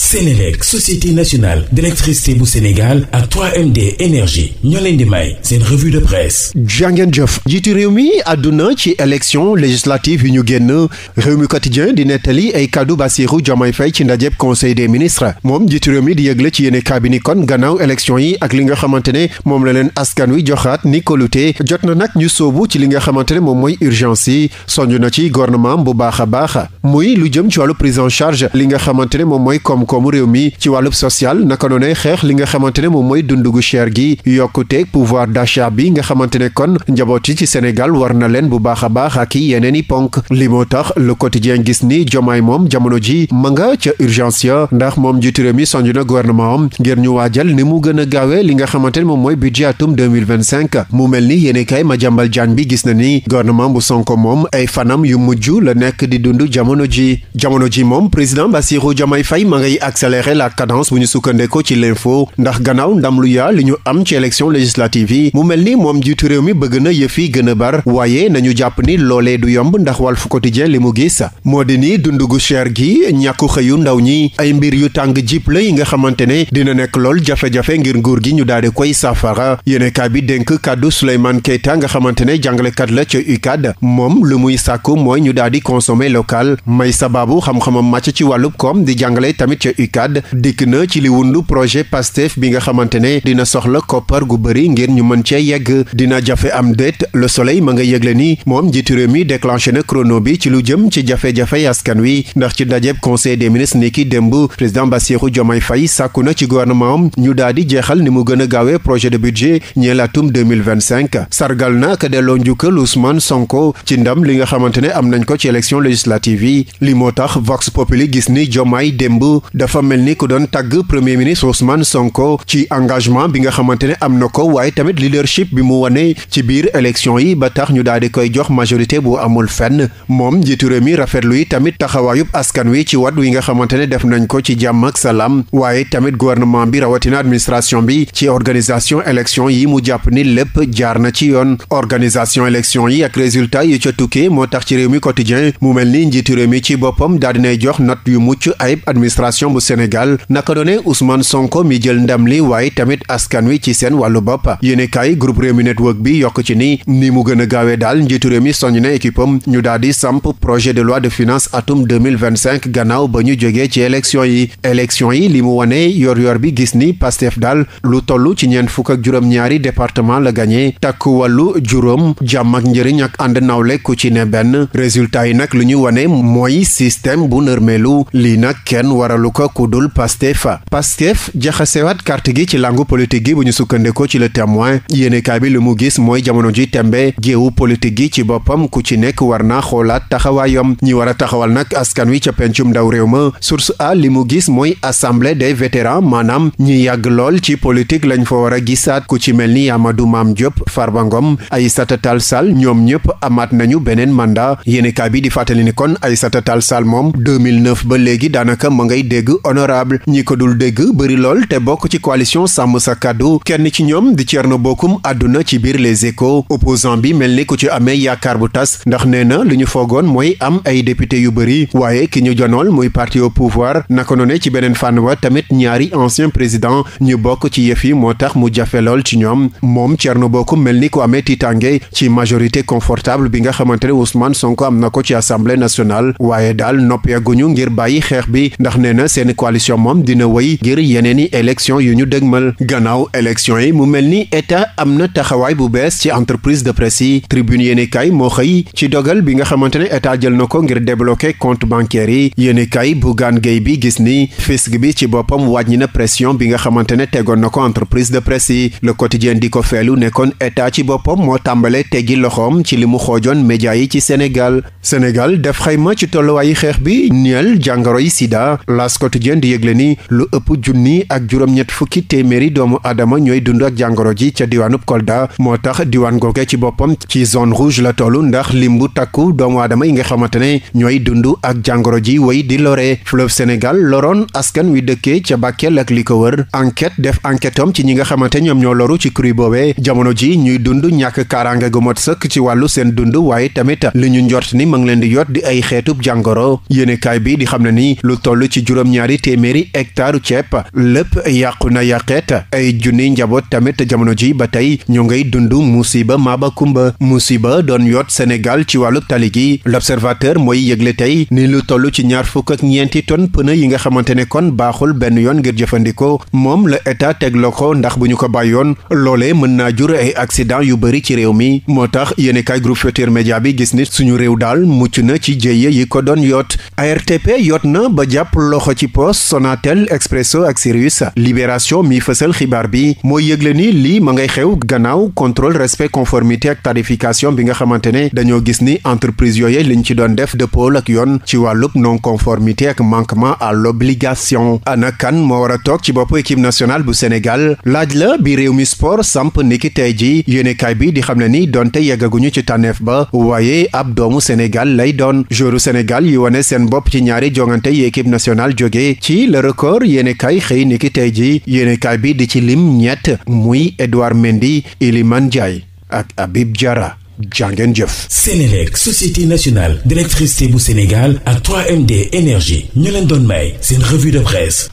Sénélec société nationale d'électricité bu Sénégal ak 3MD énergie ñoo leen di may seen revue de presse. jàngeen jëf jiitu réew mi àdduna ci élection législative yu ñu génn réew mi quotidien di nettali ay kaddu Bassirou Diomaye fey ci ndajeb conseil des ministres moom ji réew mi di yëgle ci yéene cabinet kon gannaaw élection yi ak li nga xamante ne moom la leen askan wi joxaat ni kolute jot na nag ñu sóobu ci li nga xamante ne moom mooy urgence yi sonj na ci gouvernement bu baax a baax muy lu jëm ci wàllu prise li nga xamante ne moom mooy koomu réew mi ci wàllub social naka noonee xeex li nga xamante ne moom mooy dund gu cher gi yokkute pouvoir d'achat bi nga xamante ne kon njaboot yi ci Sénégal war na leen bu baax a baax ak i yeneen i ponk li moo tax le quotidien gis ni jomaay moom jamono ji ma nga ca urgence ya ndax moom jiitu réew mi sonju na gouvernement am ngir ñu waajal ni mu gën a gaawee li nga xamante ne moom mooy budget atum 2025 mu mel ni yéene kay ma jàmbal jaan bi gis na ni gouvernement bu Sonko moom ay fanam yu mujj la nekk di dund jamono ji jamono ji moom président Bassirou Diomaye Faye ma ci accélérer la cadence bu ñu sukkandeko ci l'info ndax gannaaw ndam lu yaa li ñu am ci élection législative yi mu mel ni moom jiitu réew mi bëgg na yëf yi gën a bar waaye nañu jàpp ni loolee du yomb ndax Walf Quotidien li mu gis moo di ni dund gu cher gi ñàkku xëyu ndaw ñi ay mbir yu tàng jip la yi nga xamante ne dina nekk lool jafe-jafe ngir nguur gi ñu daal di koy saafara yéenekaay bi dénk kàddu Souleymane Keita nga xamante ne jàngalekat la ca UCAD moom lu muy sàkku mooy ñu daal di consommer local may sababu xam-xamam màcc ci wàllub koom di jàngale ca UCAD dikk na ci li wundu projet PASTEF bi nga xamante ne dina soxla koppar gu bëri ngir ñu mën cee yegg dina jafe am déet le soleil ma nga yëgle ni moom njiitu réew mi na chrono bi ci lu jëm ci jafe-jafe askan wi ndax ci ndajeb conseil des ministres ni ki démb président Bassirou Diomaye fay sàkku na ci gouvernement am ñu daal di jeexal ni mu gën a gaawee projet de budget ñeel atum 2025 sargal na ka delloo njukkal Ousmane Sonko ci ndam li nga xamante ne am nañ ko ci élection législative yi li moo tax Vox Populi gis ni Diomaye démb dafa mel ni ku doon tàgg premier ministre Ousmane Sonko ci engagement bi nga xamante ne am na ko waaye tamit leadership bi mu wane ci biir élection yi ba tax ñu daal di koy jox majorité bu amul fenn moom njiitu réew mi rafetlu yi tamit taxawaayub askan wi ci wat wi nga xamante ne def nañ ko ci jàmm ak sa lam waaye tamit gouvernement bi rawatina administration bi ci organisation élection yi mu jàpp ni lépp jaar na ci yoon organisation élection yi ak résultat yu ca tukkee moo tax ci réew mi quotidien mu mel ni njiitu réew mi ci boppam daal dinay jox not yu mucc ayib administration constitution bu Sénégal naka doone Ousmane Sonko mi jël ndam li waaye tamit askan wi ci seen wàllu bopp yéenekaay groupe Rewmi Network bi yokk ci ni ni mu gën a gaawee daal njiitu réew mi soññ na équipe am ñu daal di samp projet de loi de finance atum gannaaw ba ñu jógee ci élection yi élection yi li mu wane yor-yor bi gis ni Pastef daal lu toll ci ñeent fukk ak juróom-ñaari département la gagné takku wàllu juróom jàmm ak njëriñ ak ànd nawle ku ci ne benn résultat yi nag lu ñu wane mooy lu ko ku dul Pastef Pastef jaxasewaat carte gi ci langu politique gi bu ñu sukkandekoo ci le témoin yéenekaay bi li mu gis mooy jamono ji tembe géewu politique gi ci boppam ku ci nekk war naa xoolaat taxawaayam ñi war a taxawal nag askan wi ca pencum ndaw réew ma source a li mu gis mooy assemblée de vétérans maanaam ñi yàgg lool ci politique lañ fa war a gisaat ku ci mel ni Amadou Mame Diop Farba Ngom ay Tall Sall ñoom ñëpp amaat nañu beneen mandat yéenekaay bi di fàttali ni kon Aïssata moom dégg honorable ñi ko dul dégg bëri lool te bokk ci coalition sàmm sa kàddu kenn ci ñoom di Thierno bokkum àdduna ci biir les échos opposant bi mel ni ku ci amee yaakaar bu tas ndax nee na lu ñu foogoon mooy am ay député yu bëri waaye ki ñu jonool muy parti au pouvoir naka noone ci beneen fànn wa tamit ñaari ancien président ñu bokk ci yëf yi moo tax mu jafe lool ci ñoom moom Thierno Bocoum mel ni ku amee tiitange ci majorité confortable bi nga xamante ne Ousmane Sonko am na ko ci assemblée nationale seen coalition moom dina wéy ngir yeneen i élection yu ñu dëgmal gannaaw élection yi mu mel ni état am na taxawaay bu bees ci entreprise de presse yi tribune yéenekaay moo xëy ci dogal bi nga xamante ne état jël na ko ngir débloquer compte bancaire yi yéenekaay bu gaan gay bi gis ni fisc bi ci boppam wàññi na pression bi nga xamante ne tegoon na ko entreprise de presse yi le quotidien di ko feelu nekkoon état ci boppam moo tàmbale teggi loxoom ci li mu xoojoon média yi ci Sénégal Sénégal def xayma ci tolluwaayu xeex bi quotidienne di yëgle ni lu ëpp junni ak juróom-ñett fukki téeméeri doomu aadama ñooy dund ak jàngoro ji ca diwaanub Kolda moo tax diwaan googe ci boppam ci zone rouge la tollu ndax lim bu takku doomu aadama yi nga xamante ne ñooy dund ak jàngoro ji way di lore fleuve Sénégal loroon askan wi dëkkee ca Bakel ak li ko wër enquête def enquête am ci ñi nga xamante ñoom ñoo loru ci kuri boobe jamono ji ñuy dund ñàkk kaaraange gu mot sëkk ci wàllu seen dund waaye tamit li ñu njort ni ma ngi leen di yot di ay xeetub jàngoro yéene kaay xam juróom-ñaari téeméeri hectare ceeb lépp yàqu na yàqeet ay junni njaboot tamit jamono ji ba tey ñoo ngay dund musiba maaba kumba musiba doon yoot Sénégal ci wàllu tali gi l'observateur mooy yëgle tey ni lu toll ci ñaar fukk ak ñeenti tonnes pneu yi nga xamante ne kon baaxul benn yoon ngir jëfandikoo moom la état teg loxo ndax bu ñu ko bàyyoon loole mën naa jur ay accident yu bari ci réew mi moo tax yéenekaay groupe Futurs Médias bi gis ni suñu réew daal mucc na ci jéye yi ko doon yoot loxo ci poste Sonatel Expresso ak Sirius Libération mi fësal xibaar bi mooy yëgle ni lii ma ngay xew gannaaw contrôle respect conformité ak tarification bi nga xamante ne dañoo gis ni entreprise yooyu liñ ci doon def dëppool ak yoon ci wàllub non conformité ak manquement à l'obligation ana kan moo war a toog ci bopp équipe nationale bu Sénégal laaj la bi réew mi sport samp niki tey ji yéenekaay bi di xam ne ni donte yeggaguñu ci taneef ba waaye ab doomu Sénégal lay doon joueuru Sénégal yi wane seen bopp ci ñaari jongante yi équipe nationale jóge ci le record yéene xëy niki tey ji yéene kay bi di ci lim ñett muy Edouard mendi Iliman Ndiaye ak Habib Diarra jàngeen jëf Sénélec société nationale d'électricité bu Sénégal ak 3MD énergie ñu leen doon may seen revue de presse